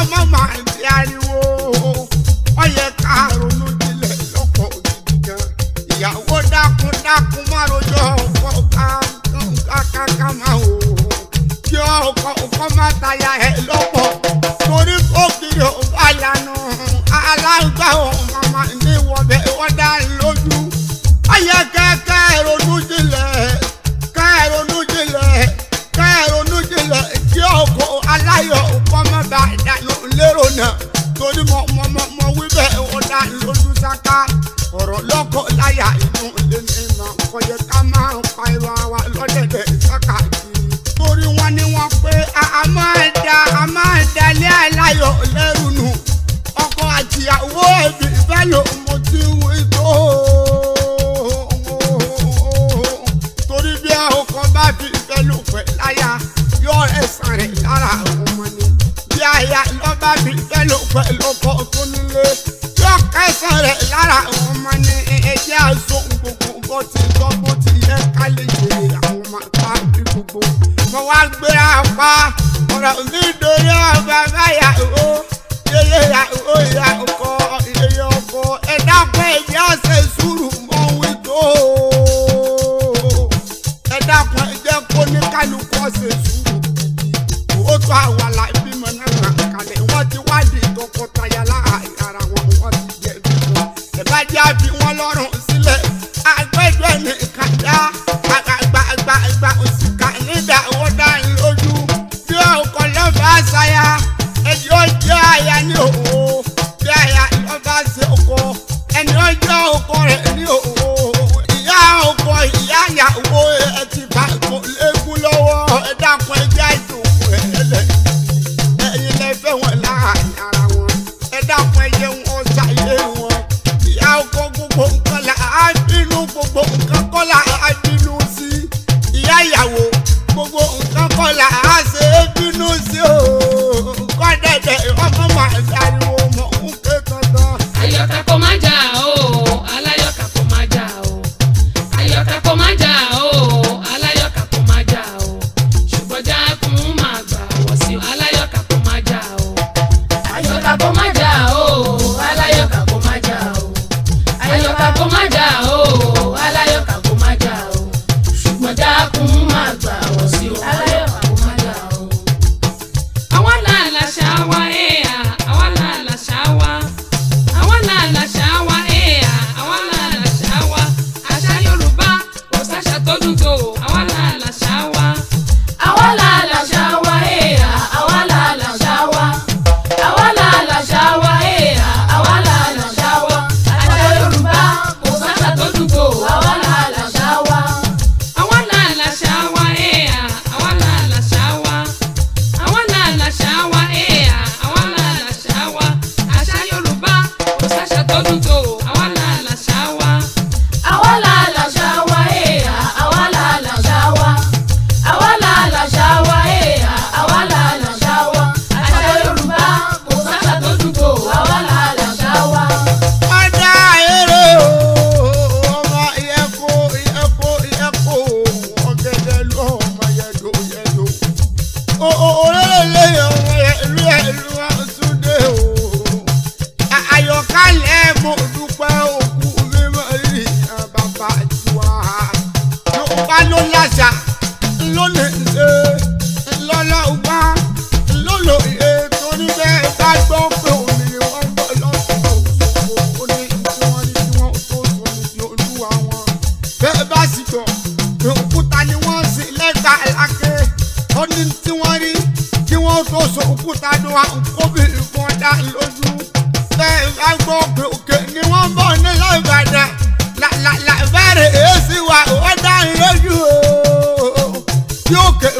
ọmọ máa ń ti ariwo ó yẹ ká ronú jinlẹ̀ lọ́pọ̀ òjijì gan ìyàwó dákun dákun má rojọ́ ọkọ kákáká máa taya ẹ lọ́pọ̀ torí kó kiri ọba lanu alágbá ọmọ máa ń ní wọbẹ wọ́n dá lọ́kọ láyà inú ilé ní ìmọ̀ kọjá ká máa ń pa ìwà wa lọ́dẹ̀dẹ̀ ìsákàkiri. torí wọn ni wọn pé a máa da a máa dalẹ̀ aláyọ̀ lẹ́rù ní. wá gbé apá ọ̀rọ̀ mi dorí ọba báyà ìwó ilé ìyá ìwó ìyá ọkọ ilé ọkọ ẹ̀dá pé ìyá ṣe sùúrù. ọba ló láṣà lónìí.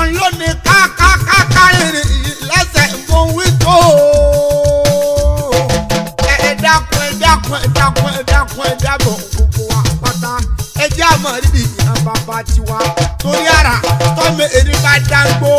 ọkùnrin lónìí kákákáká rìnrìn lẹ́sẹ̀ mo wí tó. ẹ dákun ẹ dákun ẹ dákun ẹ dákun ẹ dábọ̀ gbogbo wa pátá ẹ jẹ́ àmọ́ ara tọ́mọ èrè bá dáńgbó.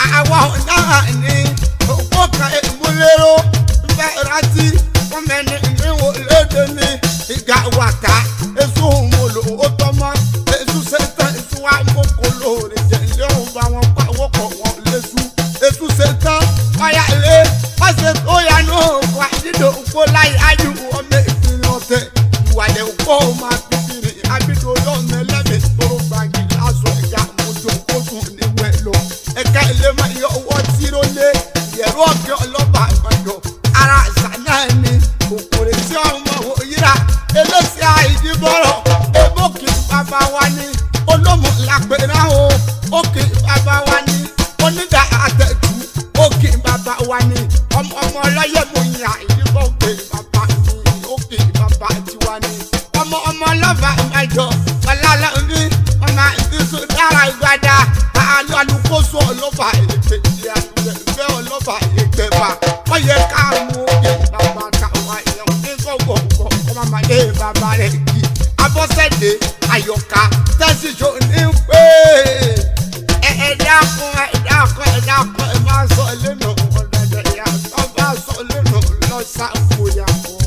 I want a wa na ni bá àjọ ọ̀làlà mi ọmọ ìbísù dára gbada àlọ́ alùkóso ọlọ́fà ètè ìyàgbẹ́ ọlọ́fà ètè bá wọ́n yẹ káàmú yẹ bàbá káwa yẹ ní sọ̀gbọ̀ kọ̀ ọmọ màdé bàbá rẹ̀ kí abọ́sẹ̀dé àyọ̀ká tẹ́síṣọ́ ní pé ẹ̀ẹ́dá kan ẹ̀dá kan ẹ̀dá kan ẹ̀ máa sọ lẹ́nu ọ̀dọ̀dọ̀ yà sọ́ bá sọ lẹ́nu lọ́sàkóyà kan.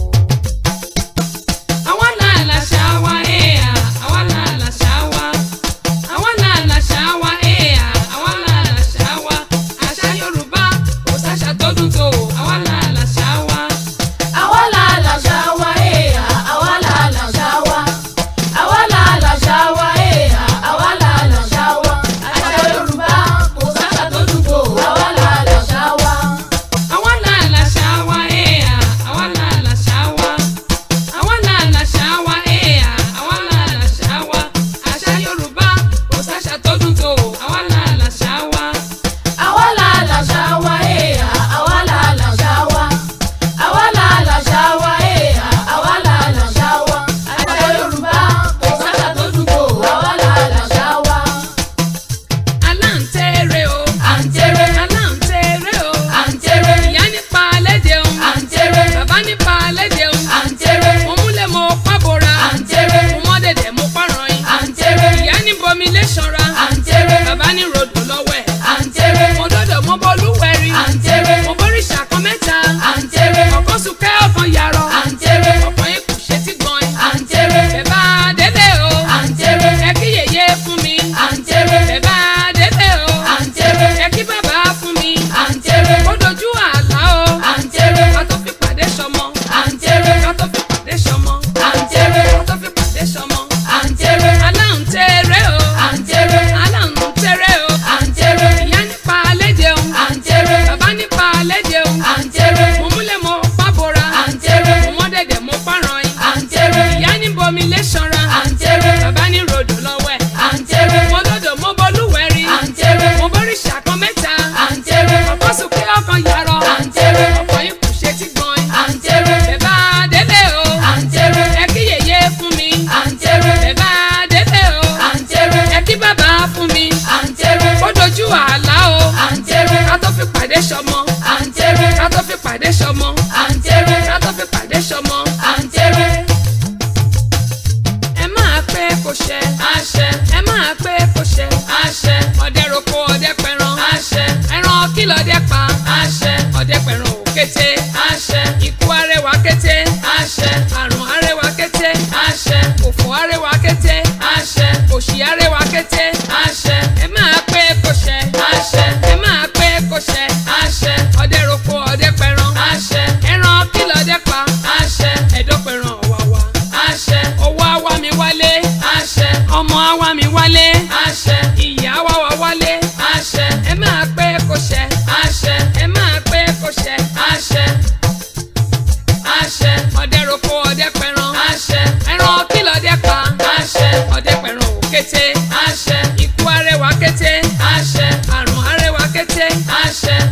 kété. àṣẹ. ikú arẹwà kété. àṣẹ. àrùn arẹwà kété. àṣẹ.